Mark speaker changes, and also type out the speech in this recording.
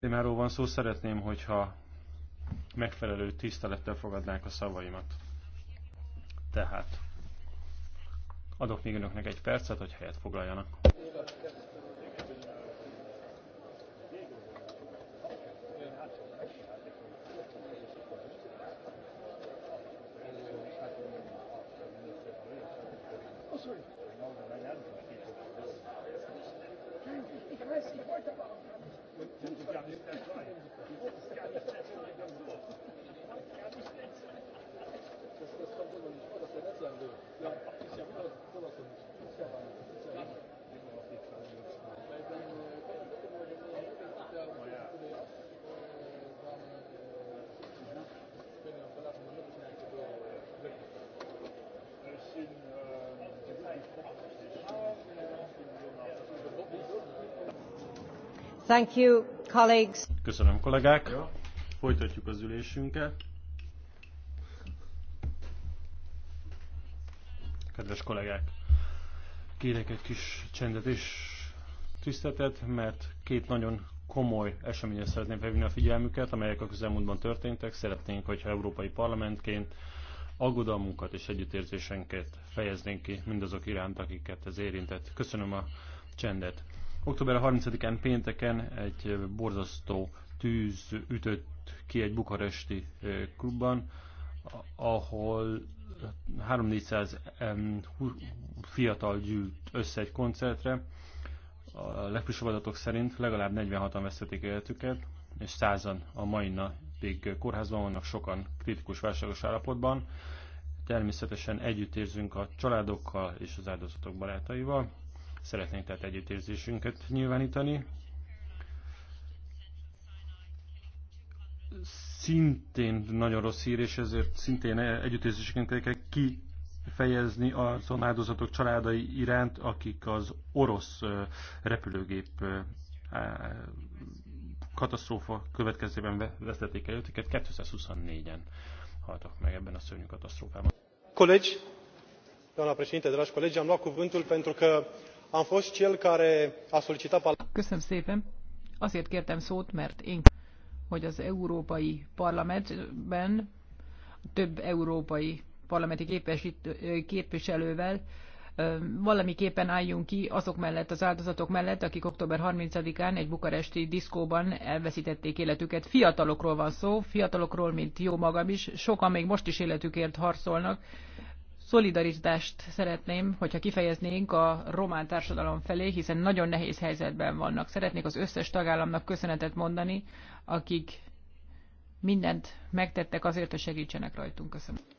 Speaker 1: témáról van szó, szeretném, hogyha megfelelő tisztelettel fogadnák a szavaimat. Tehát adok még önöknek egy percet, hogy helyet foglaljanak.
Speaker 2: Thank you. Thank you, colleagues.
Speaker 1: Köszönöm, kollégák. Folytatjuk az ülésünket. Kedves kollégák, kérek egy kis csendet és tiszteletet, mert két nagyon komoly eseményre szeretném felvinni a figyelmüket, amelyek a közelmúltban történtek. Szeretnénk, hogyha Európai Parlamentként aggodalmunkat és együttérzésenket fejeznénk ki mindazok iránt, akiket ez érintett. Köszönöm a csendet. Október 30-án pénteken egy borzasztó tűz ütött ki egy bukaresti klubban, ahol 3-400 fiatal gyűlt össze egy koncertre. A legfrissebb adatok szerint legalább 46-an vesztették életüket, és 100-an a mai napig kórházban vannak, sokan kritikus válságos állapotban. Természetesen együtt érzünk a családokkal és az áldozatok barátaival. Szeretnénk tehát együttérzésünket nyilvánítani. Szintén nagyon rossz hír, és ezért szintén együttérzésünket kell kifejezni azon áldozatok családai iránt, akik az orosz repülőgép katasztrófa következtében vesztették el őket, 224-en haltak meg ebben a szörnyű katasztrófában. Colegi, doamna președinte, dragi colegi, am luat cuvântul pentru că
Speaker 2: am fost cel care a solicitat... Köszönöm szépen. Azért kértem szót, mert én hogy az Európai Parlamentben több európai parlamenti képviselővel valamiképpen álljunk ki azok mellett, az áldozatok mellett, akik október 30-án egy bukaresti diszkóban elveszítették életüket. Fiatalokról van szó, fiatalokról, mint jó magam is, sokan még most is életükért harcolnak, szolidaritást szeretném, hogyha kifejeznénk a román társadalom felé, hiszen nagyon nehéz helyzetben vannak. Szeretnék az összes tagállamnak köszönetet mondani, akik mindent megtettek azért, hogy segítsenek rajtunk. Köszönöm.